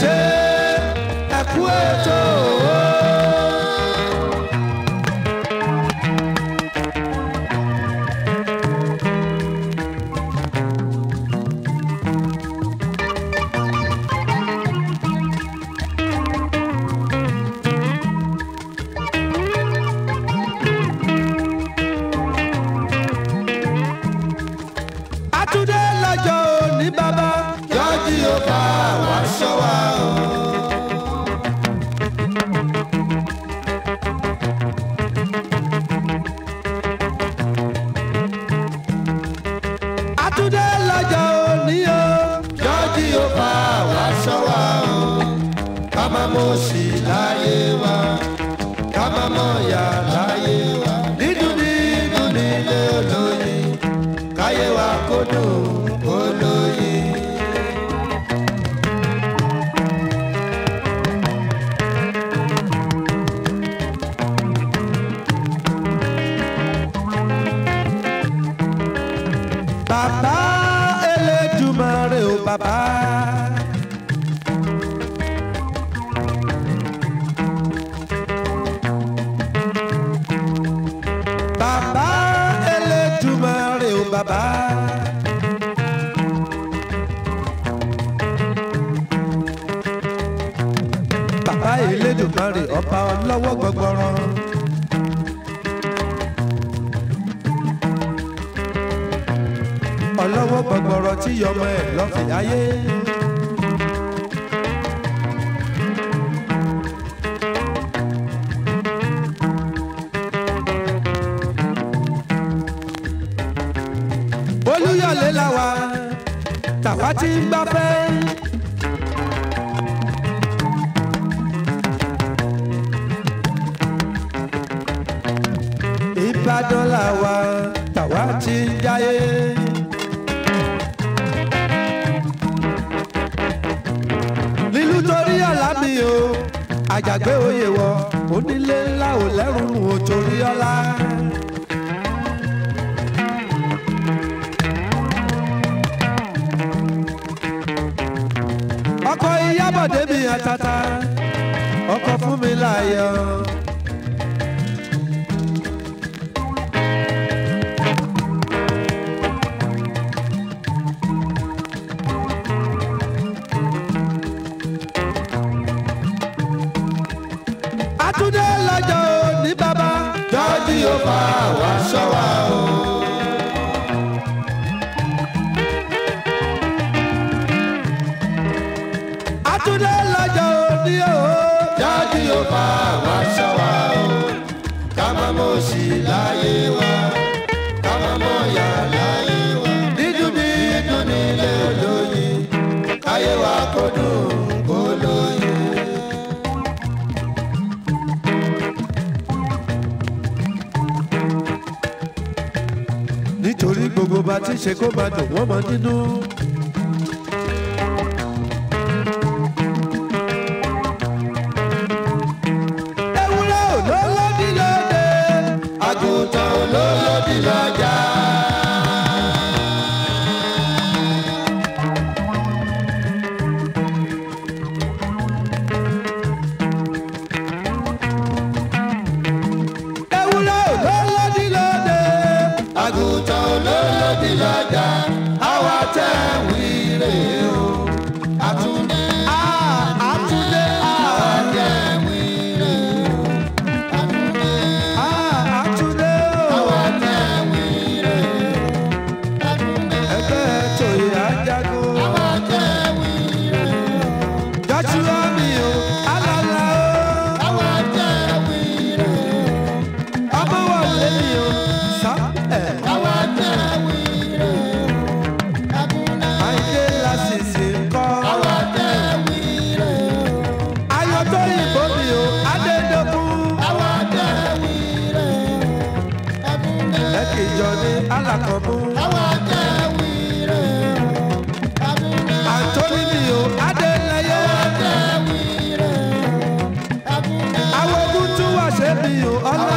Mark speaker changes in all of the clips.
Speaker 1: Yeah. ọba ọlọ́wọ́ gbọgbọràn. ọlọ́wọ́ gbọgbọrọ̀ tí yọmọ ẹ̀ lọ́fẹ̀ẹ́ ayé. olúyọ̀lé làwà tàwa ti ń gbafẹ́. Ìbàdàn làwa tàwa ti ń jayé. Nílùú torí ọ̀la mi o, àjàgbé oyè wọ, onílé ńlá ò lẹ́rù ò torí ọ̀la. Ọkọ̀ Ìyábọ̀ débi àtàtà, ọkọ̀ fún mi láyọ̀. ṣe kó bá dùn wọ́n mọ nínú. Nabi, Allah.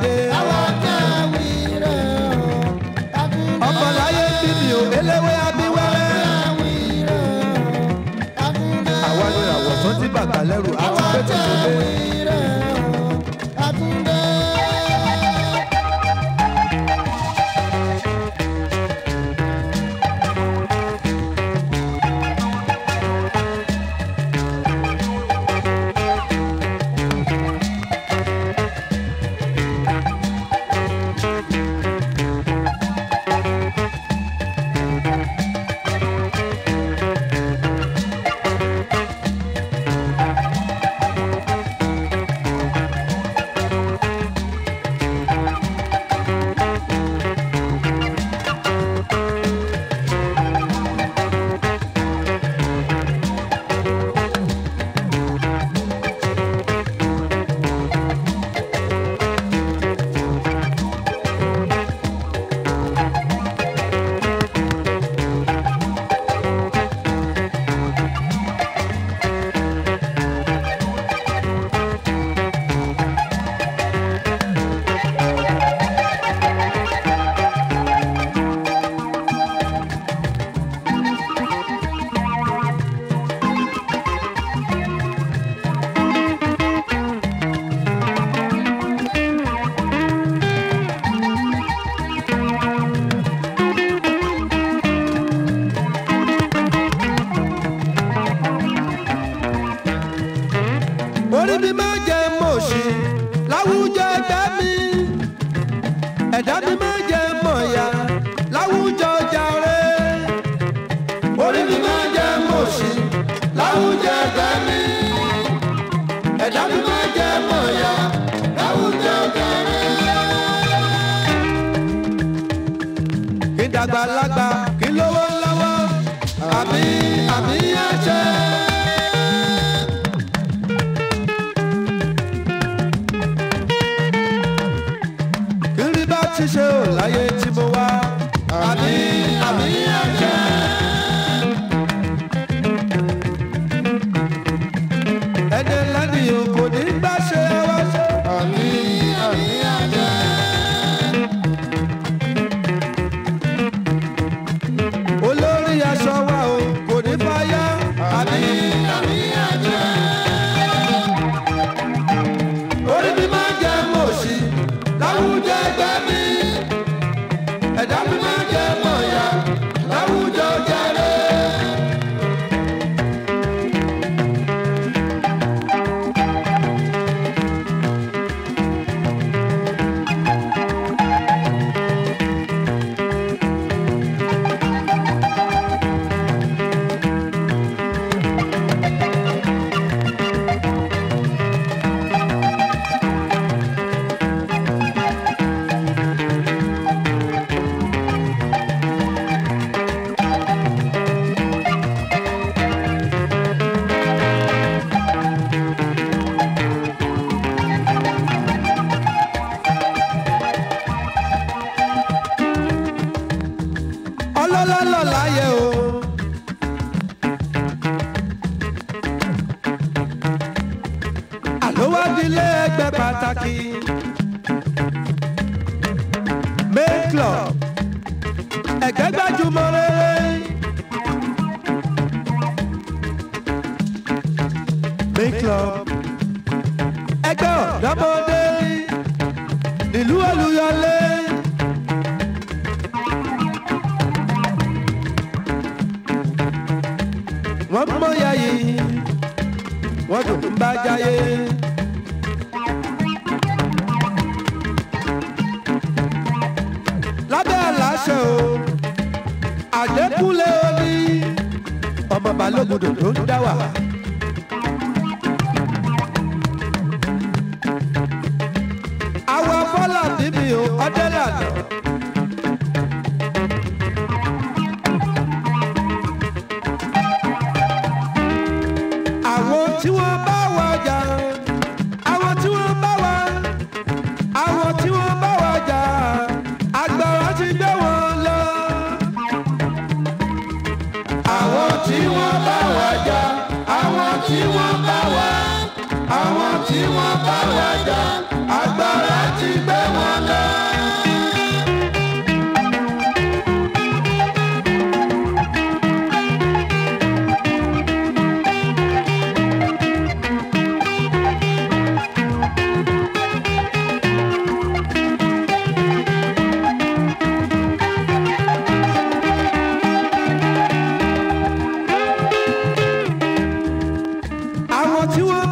Speaker 1: dé. àwọn ọjà wí rẹ̀ o. ọkọ̀ láyé ń bí mi ò eléwé abíwẹ́rẹ́. àwọn ìràwọ̀ tó ti bàtà lẹ́rù àti pé tuntun dé. ẹ̀dá mi máa jẹ ẹ̀gbẹ́ gbajúmọ̀ rere. Big club ẹgbẹ́ ọ̀dọ́mọdé ìlú Olúyọlé. wọ́n mọ̀ yá yìí wọ́n dùn bá jáyé. Adékúnlé Oní ọmọ balógun dòdò ń dá wà. To you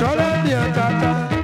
Speaker 1: Sọ́lá bí ọ̀tá tán.